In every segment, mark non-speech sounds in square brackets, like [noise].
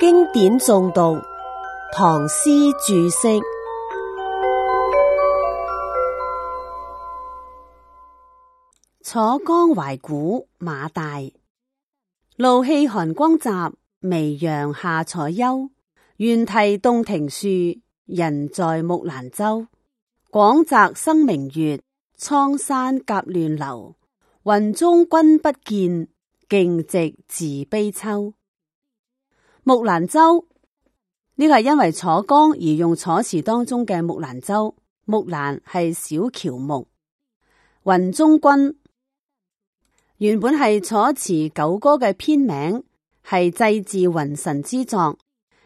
經典誦讀，唐詩注釋。楚江懷古，馬戴，露氣寒光集，微陽下楚丘。猿啼洞庭樹，人在木蘭舟。廣澤生明月，蒼山夾亂流。雲中君不見，竟夕自悲秋。木蘭舟呢個係因為楚江而用楚辭當中嘅木蘭舟，木蘭係小喬木。雲中君原本係楚辭九歌嘅篇名，係祭祀雲神之作。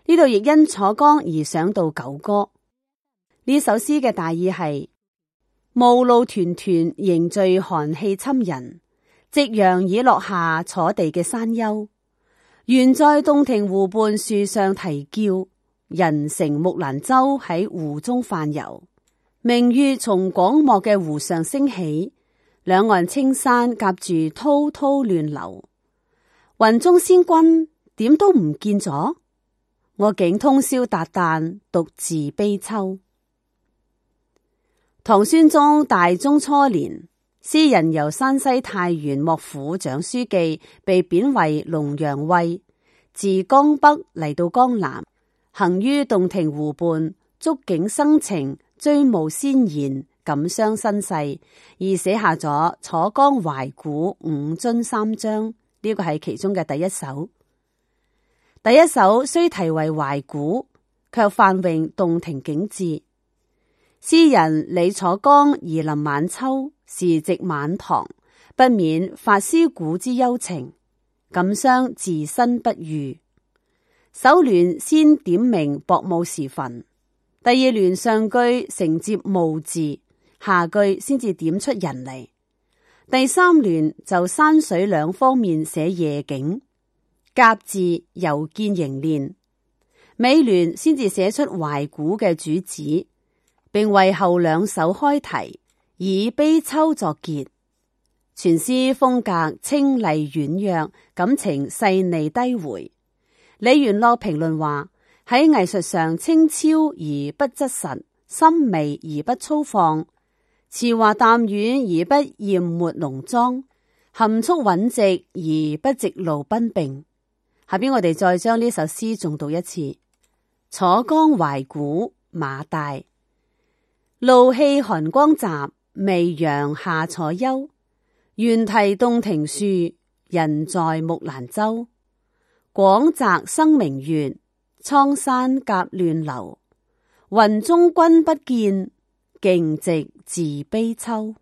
呢度亦因楚江而想到九歌。呢首詩嘅大意係霧露團團，凝聚寒氣侵人。夕陽已落下，楚地嘅山丘。原在洞庭湖畔樹上啼叫，人乘木蘭舟喺湖中泛游。明月從廣漠嘅湖上升起，兩岸青山夾住滔滔亂流。雲中仙君點都唔見咗，我竟通宵達旦獨自悲秋。唐宣宗大中初年。詩人由山西太原幕府掌書記被貶為龍陽尉，自江北嚟到江南，行於洞庭湖畔，觸景生情，追慕先賢，感傷身世，而寫下咗《楚江懷古》五樽三章。呢個係其中嘅第一首。第一首雖題為懷古，却泛詠洞庭景致。詩人李楚江而臨晚秋。時值晚唐，不免發思古之幽情，感傷自身不遇。首聯先點明薄暮時分，第二聯上句承接暮字，下句先至點出人嚟。第三聯就山水兩方面寫夜景，甲字又見凝練。尾聯先至寫出懷古嘅主旨，並為後兩首開題。以悲秋作結，全詩風格清麗婉約，感情細膩低回。李元洛評論話：喺藝術上清超而不質實，深微而不粗放，詞華淡遠而不艷抹濃妝，含蓄穩直而不直露奔并。下邊我哋再將呢首詩誦讀一次：楚江懷古，馬戴，露氣寒光集。微陽下楚丘，猿啼洞庭樹，人在木蘭舟。廣澤生明月，蒼山夾亂流。雲中君不見，竟夕自悲秋。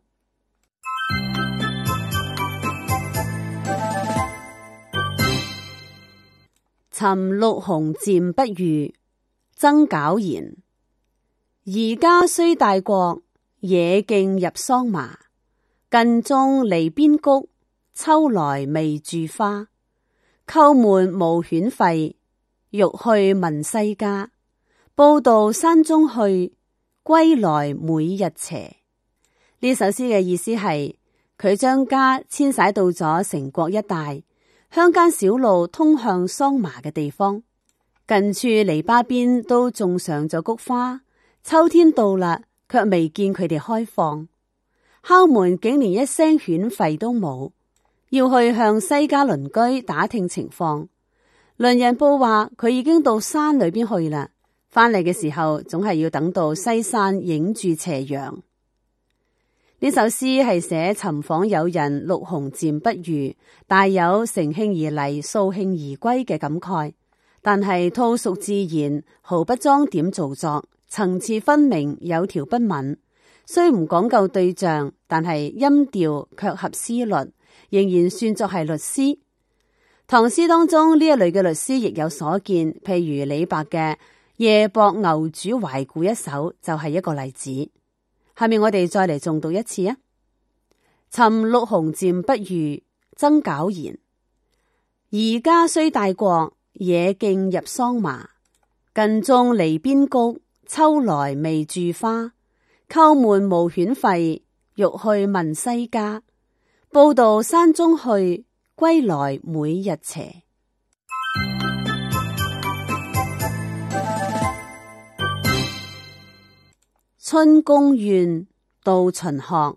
沉六紅漸不遇，曾皎然。而家雖大國。野徑入桑麻，近中籬邊菊，秋來未著花。叩門無犬吠，欲去問西家。報道山中去，歸來每日斜。呢首詩嘅意思係，佢將家遷徙到咗城郭一帶，鄉間小路通向桑麻嘅地方，近處籬笆邊都種上咗菊花，秋天到啦。卻未見佢哋開放，敲門竟連一聲犬吠都冇，要去向西家鄰居打聽情況。鄰人報話佢已經到山裏邊去啦，翻嚟嘅時候總係要等到西山影住斜陽。呢首詩係寫尋訪友人，陸鴻漸不遇，帶有乘興而嚟、掃興而歸嘅感慨，但係吐屬自然，毫不裝點做作。層次分明，有條不紊。雖唔講究對象，但係音調卻合思律，仍然算作係律師唐詩當中呢一類嘅律師，律師亦有所見。譬如李白嘅《夜泊牛渚懷古》一首，就係、是、一個例子。下面我哋再嚟重讀一次啊。尋陸鴻漸不遇，曾皎然。而家雖大國，野徑入桑麻，近中離邊谷。秋來未著花，叩門無犬吠。欲去問西家，報道山中去。歸來每日斜。 [music] 春宮怨，杜荀鶴。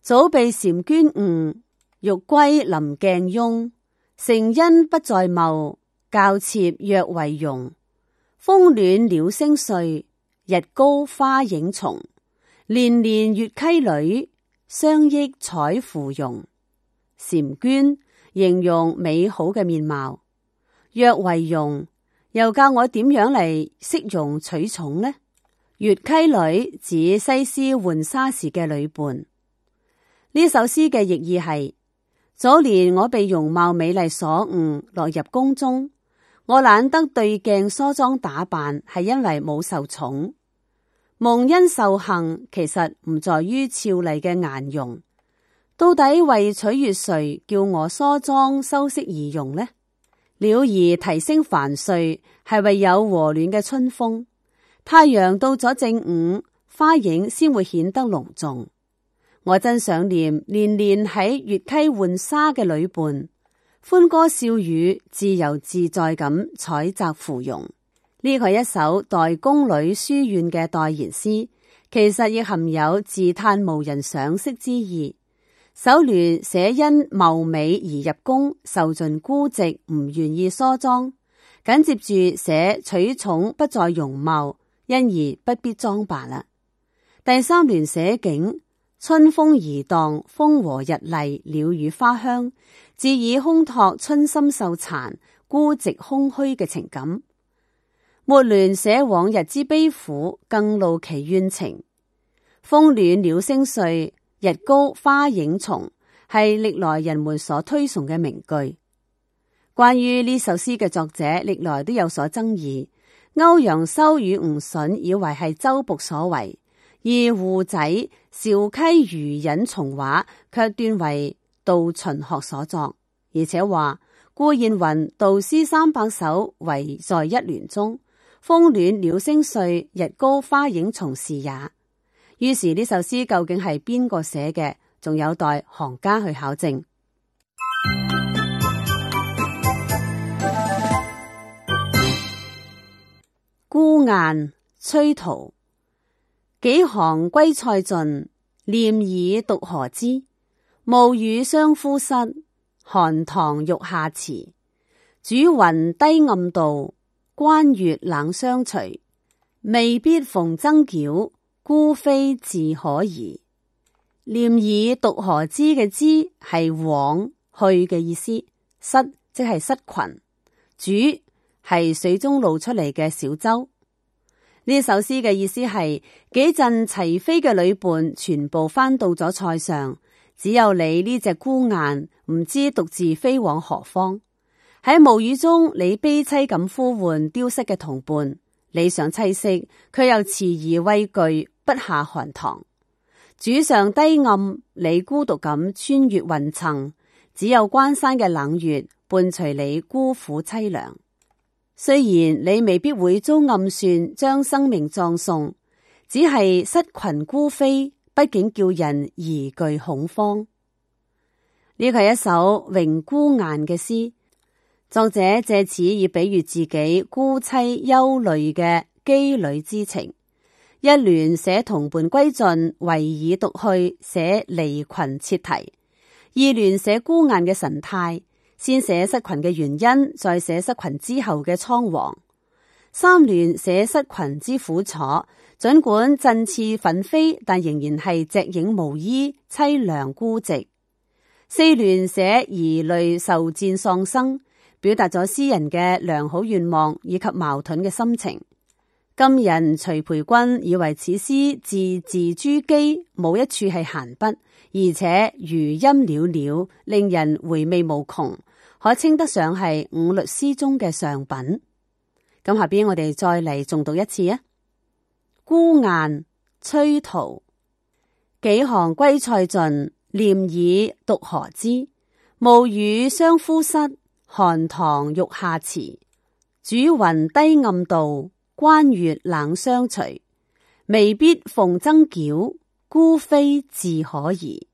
早被嬋娟誤，欲歸臨鏡慵。承恩不在貌，教妾若為容。風暖鳥聲碎，日高花影重。年年越溪女，相憶采芙蓉。嬋娟形容美好嘅面貌，若為容，又教我點樣嚟飾容取寵呢？越溪女指西施浣紗時嘅女伴。呢首詩嘅意義係：早年我被容貌美麗所誤，落入宮中。我懶得對鏡梳妝打扮，係因為冇受寵。蒙恩受幸，其實唔在於俏麗嘅顏容。到底為取悅誰，叫我梳妝修飾儀容呢？鳥兒啼聲繁碎，係為有和暖嘅春風。太陽到咗正午，花影先會顯得隆重。我真想念年年喺月溪浣紗嘅女伴。歡歌笑語，自由自在咁採摘芙蓉。呢係一首代宮女書怨嘅代言詩，其實亦含有自嘆無人賞識之意。首聯寫因貌美而入宮，受盡孤寂，唔願意梳妝。緊接住寫取寵不在容貌，因而不必裝扮啦。第三聯寫景。春風駘蕩，風和日麗，鳥語花香，自以烘托春心受殘孤寂空虛嘅情感。末聯寫往日之悲苦，更露其怨情。風暖鳥聲碎，日高花影重，係歷來人們所推崇嘅名句。關於呢首詩嘅作者，歷來都有所爭議。歐陽修與吳笋以為係周朴所為。而胡仔《苕溪漁隱叢話》卻斷為杜荀鶴所作，而且話顧燕雲《杜詩三百首》圍在一聯中，風暖鳥聲碎，日高花影從是也。於是呢首詩究竟係邊個寫嘅，仲有待行家去考證。孤雁崔塗。催幾行歸塞盡，念爾獨何之？暮雨相呼失，寒塘欲下遲。渚雲低暗度，關月冷相隨。未必逢矰繳，孤飛自可疑。念爾獨何之嘅之，係往去嘅意思，失即係失群。渚係水中露出嚟嘅小洲。呢首詩嘅意思係，幾陣齊飛嘅旅伴全部返到咗塞上，只有你呢隻孤雁，唔知獨自飛往何方。喺暮雨中，你悲凄咁呼喚丟失嘅同伴，你想棲息，卻又遲疑畏懼，不下寒塘。主上低暗，你孤獨咁穿越雲層，只有關山嘅冷月伴隨你孤苦凄涼。雖然你未必會遭暗算，將生命葬送，只係失群孤飛，畢竟叫人疑懼恐慌。呢個係一首詠孤雁嘅詩，作者借此以比喻自己孤妻憂慮嘅羈旅之情。一聯寫同伴歸盡，唯爾獨去，寫離群切題；二聯寫孤雁嘅神態。先寫失群嘅原因，再寫失群之後嘅倉皇。三聯寫失群之苦楚，儘管振翅奮飛，但仍然係隻影無依，淒涼孤寂。四聯寫疑累受戰喪生，表達咗詩人嘅良好願望以及矛盾嘅心情。今人徐培君以為此詩字字珠璣，冇一處係閒筆，而且餘音裊裊，令人回味無窮。可稱得上係五律詩中嘅上品，咁下邊我哋再嚟重讀一次啊！孤雁崔塗，幾行歸塞盡，念爾獨何之？暮雨相呼失，寒塘欲下遲。渚雲低暗度，關月冷相隨。未必逢矰繳，孤飛自可疑。